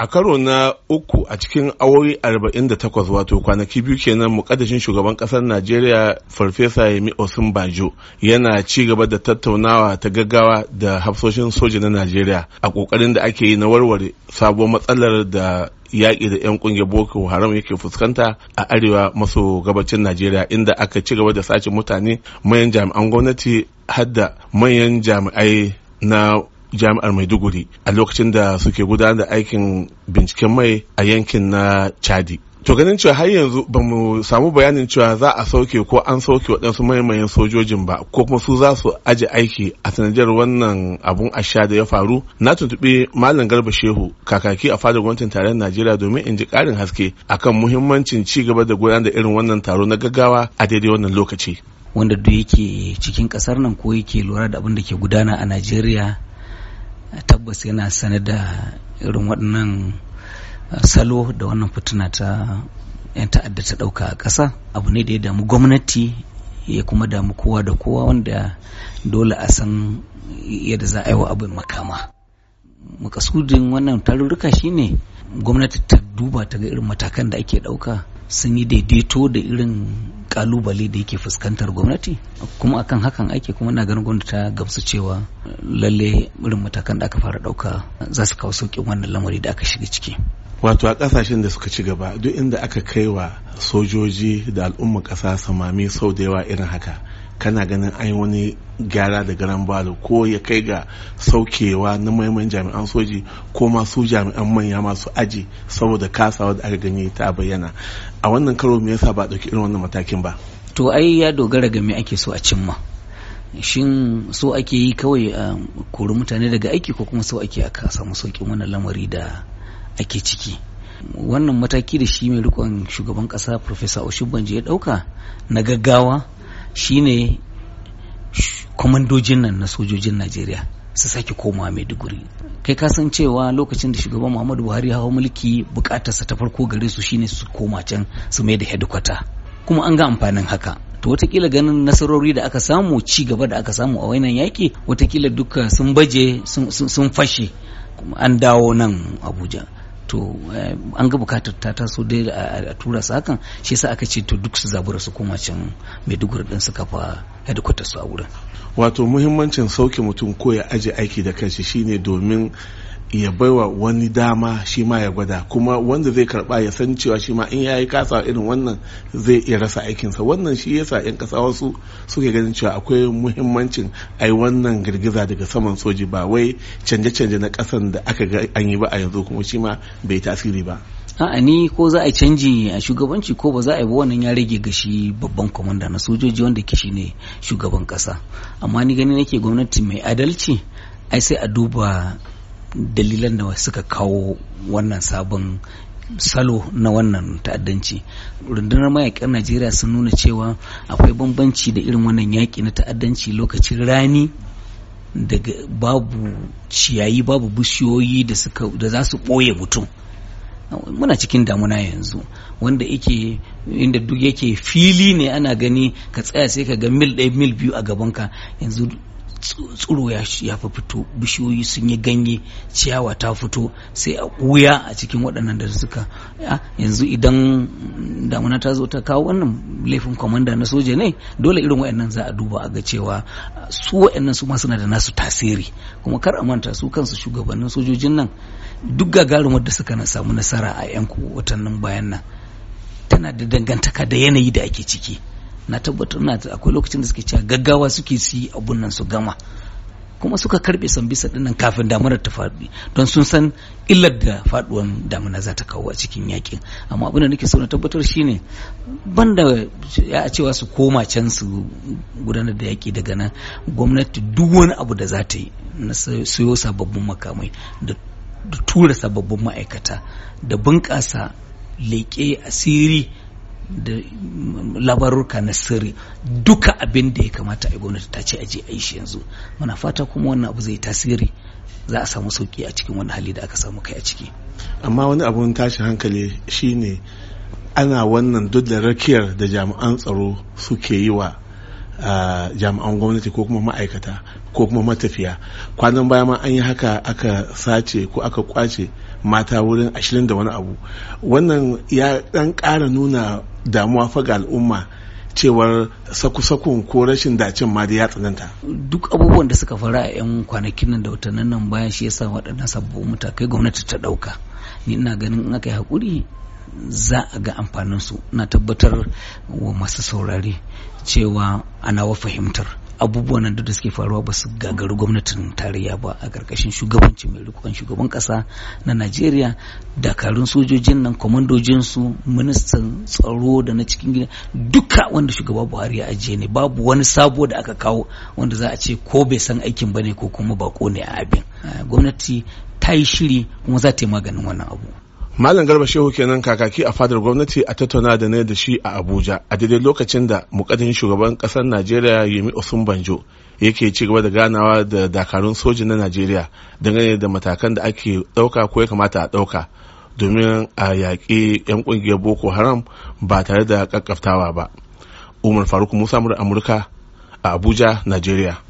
a karo na uku a cikin da 48 wato kwanaki biyu kenan mukaddashin shugaban kasar najeriya farfesa yemi osun bajo yana ci gaba da tattaunawa ta gaggawa da hafsoshin soja na najeriya a kokarin da ake yi na warware sabuwar matsalar da yaƙi da 'yan ƙungiyar boko haram yake fuskanta a arewa maso gabacin najeriya inda aka ci gaba da sace mutane manyan jami'an gwamnati hadda manyan jami'ai na jami'ar maiduguri a lokacin da suke gudanar da aikin binciken mai a yankin na chadi to ganin cewa har yanzu ba mu samu bayanin cewa za a sauke ko an sauke waɗansu maimayin sojojin ba ko kuma su za su aji aiki a sanadiyar wannan abun asha da ya faru na tuntuɓi malam garba shehu kakaki a fadar gwamnatin tarayyar najeriya domin in ji ƙarin haske akan muhimmancin ci gaba da gudanar da irin wannan taro na gaggawa a daidai wannan lokaci wanda duk yake cikin ƙasar nan ko yake lura da abin da ke gudana a najeriya tabbas yana sane da irin waɗannan uh, salo da wannan fituna ta 'yan ta'adda ta ɗauka a ƙasa abu ne da ya damu gwamnati ya kuma damu kowa da kowa wanda dole a san yadda za a yi wa abin makama makasudin wannan tarurruka shine gwamnati ta duba ta ga irin matakan da ake ɗauka sun yi daidaito da irin kalubale da yake fuskantar gwamnati kuma akan hakan ake kuma na ganin gwamnati ta gamsu cewa eh, lalle irin matakan da aka fara dauka za su kawo sauƙin wannan lamari da aka shiga ciki wato a kasashen da suka ci gaba duk inda aka kai wa sojoji da al'ummar ƙasa samami sau da yawa irin haka kana ganin an yi wani gyara da garan balo ko ya kai ga saukewa na maiman jami'an soji ko masu jami'an manya masu aji saboda kasawa da aka gani ta bayyana a wannan karo me yasa ba dauki irin wannan matakin ba to ai ya dogara ga me ake so a cimma shin so ake yi kawai a kori mutane daga aiki ko kuma so ake aka samu sauƙin wannan lamari da ake ciki wannan mataki da shi mai rikon shugaban ƙasa professor oshibanje ya ɗauka na gaggawa shine kwamandojin nan na sojojin najeriya su sake komawa maiduguri kai ka san cewa lokacin da shugaban muhammadu buhari ya hau mulki bukatarsa ta farko gare su shine su koma can su mai da hedikwata kuma an ga amfanin haka to watakila ganin nasarori da aka samu ci gaba da aka samu a wainan yaki watakila duka sun baje sun fashe an dawo nan abuja to eh, an ga bukatar ta taso dai a tura su hakan shi sa aka ce to duk su zabura su koma can maiduguri din su kafa hadikwatar su a wurin wato muhimmancin sauke mutum ko ya aje aiki da kanshi shine domin ya baiwa wani dama shi ma ya gwada kuma wanda zai karba ya san cewa shi ma in yi kasa irin wannan zai iya rasa aikinsa wannan shi yasa yan kasa wasu suke ganin cewa akwai muhimmancin ai wannan girgiza daga saman soji ba wai canje-canje na kasan da aka ga an yi ba a yanzu kuma shi ma bai tasiri ba a'a ni ko za a canji a shugabanci ko ba za a yi ba wannan ya rage shi babban kwamanda na sojoji wanda ke ne shugaban kasa amma ni gani nake gwamnati mai adalci ai sai a duba dalilan da suka kawo wannan sabon salo na wannan ta'addanci rundunar mayakan najeriya sun nuna cewa akwai bambanci da irin wannan yaƙi na ta'addanci lokacin rani daga babu ciyayi babu bishiyoyi da za su ɓoye mutum muna cikin damuna yanzu wanda yake inda duk yake fili ne ana gani ka tsaya sai ka ga mil ɗaya mil biyu a gabanka yanzu tsuro ya fi fito bishiyoyi sun yi ganye ciyawa ta fito sai a wuya a cikin waɗannan da suka yanzu idan damuna ta zo ta kawo wannan laifin kwamanda na soja ne dole irin waɗannan za a duba a ga cewa su waɗannan su ma suna da nasu tasiri kuma kar a manta su kansu shugabannin sojojin nan duk gagarumar da suka samu nasara a 'yan watannin bayan nan tana da dangantaka da yanayi da ake ciki na tabbatar na akwai lokacin da suke cewa gaggawa suke su yi abun nan su gama kuma suka karbe sambisa dinnan kafin damunar ta faɗi don sun san illar da faɗuwan damuna za ta kawo a cikin yakin amma abin da nake so na tabbatar shine banda ya a cewa su koma can su gudanar da yaki daga nan gwamnati duk wani abu da za ta yi na sayo sababbin makamai da tura sababbin ma'aikata da bunƙasa leƙe asiri da labarurka na sirri duka abin da ya kamata a gwamnati ta ce aje a yi shi yanzu muna fata kuma wannan abu zai tasiri za a samu sauki a cikin wani hali da aka samu kai a ciki amma wani abun tashin hankali shine ana wannan duk da rakiyar da jami'an tsaro suke yi wa jami'an gwamnati ko kuma ma'aikata ko kuma matafiya kwanan baya ma an yi haka aka sace ko aka kwace mata wurin ashirin da wani abu wannan ya dan kara nuna damuwa faga al'umma cewar saku-sakun ko rashin dacin ma da ya tsananta. Duk abubuwan da suka fara a 'yan kwanakin nan da watannin nan bayan shi yasa waɗannan sabbin matakai gwamnati ta ɗauka. Ni ina ganin in aka yi haƙuri za a ga amfaninsu na tabbatar wa masu saurari cewa ana wa fahimtar abubuwan da suke faruwa ba su gagari gwamnatin tarayya ba a ƙarƙashin shugabanci mai rikon shugaban ƙasa na najeriya dakarun sojojin nan kwamandojinsu ministan tsaro da na cikin gida duka wanda shugaba buhari ya ajiye ne babu wani sabo da aka kawo wanda za a ce ko bai san aikin ba ne ko kuma bako ne a abin gwamnati ta yi shiri kuma za ta yi maganin wannan abu Malam Garba Shehu kenan kakaki a fadar gwamnati a tattauna da ne da shi a Abuja a daidai lokacin da mukaddin shugaban kasar Najeriya Yemi banjo yake ci gaba da ganawa da dakarun sojin na Najeriya dangane da matakan da ake ɗauka ko ya kamata a ɗauka domin a yaƙi 'yan ƙungiyar Boko Haram ba tare da ƙaƙƙaftawa ba. Umar Faruk Musa Amurka a Abuja, Najeriya.